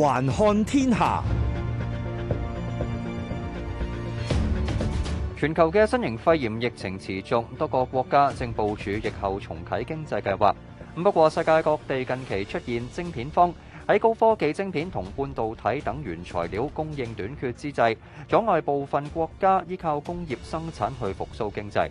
環看天下，全球嘅新型肺炎疫情持續，多個國家正部署疫後重啟經濟計劃。咁不過，世界各地近期出現晶片荒，喺高科技晶片同半導體等原材料供應短缺之際，阻礙部分國家依靠工業生產去復蘇經濟。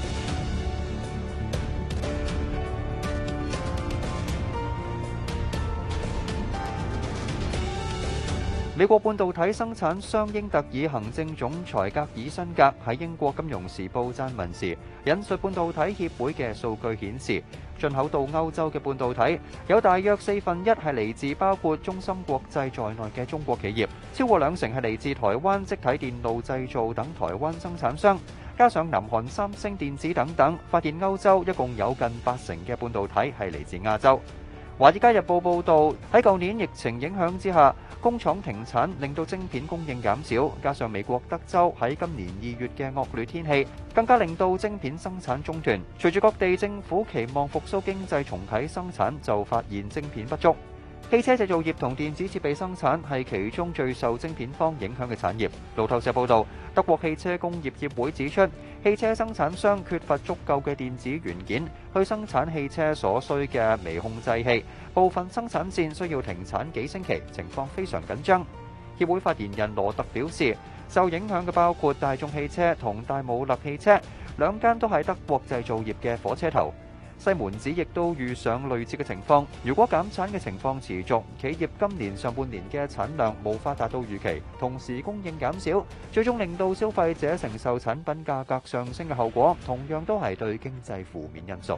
美國半導體生產商英特爾行政總裁格爾辛格喺英國金融時報撰文時，引述半導體協會嘅數據顯示，進口到歐洲嘅半導體有大約四分一係嚟自包括中芯國際在內嘅中國企業，超過兩成係嚟自台灣積體電路製造等台灣生產商，加上南韓三星電子等等，發現歐洲一共有近八成嘅半導體係嚟自亞洲。《華爾街日報》報導，喺舊年疫情影響之下，工廠停產，令到晶片供應減少，加上美國德州喺今年二月嘅惡劣天氣，更加令到晶片生產中斷。隨住各地政府期望復甦經濟、重啟生產，就發現晶片不足。汽車製造業同電子設備生產係其中最受晶片方影響嘅產業。路透社報道德國汽車工業協會指出，汽車生產商缺乏足夠嘅電子元件去生產汽車所需嘅微控制器，部分生產線需要停產幾星期，情況非常緊張。協會發言人羅特表示，受影響嘅包括大眾汽車同戴姆勒汽車，兩間都係德國製造業嘅火車頭。西門子亦都遇上類似嘅情況。如果減產嘅情況持續，企業今年上半年嘅產量無法達到預期，同時供應減少，最終令到消費者承受產品價格上升嘅後果，同樣都係對經濟負面因素。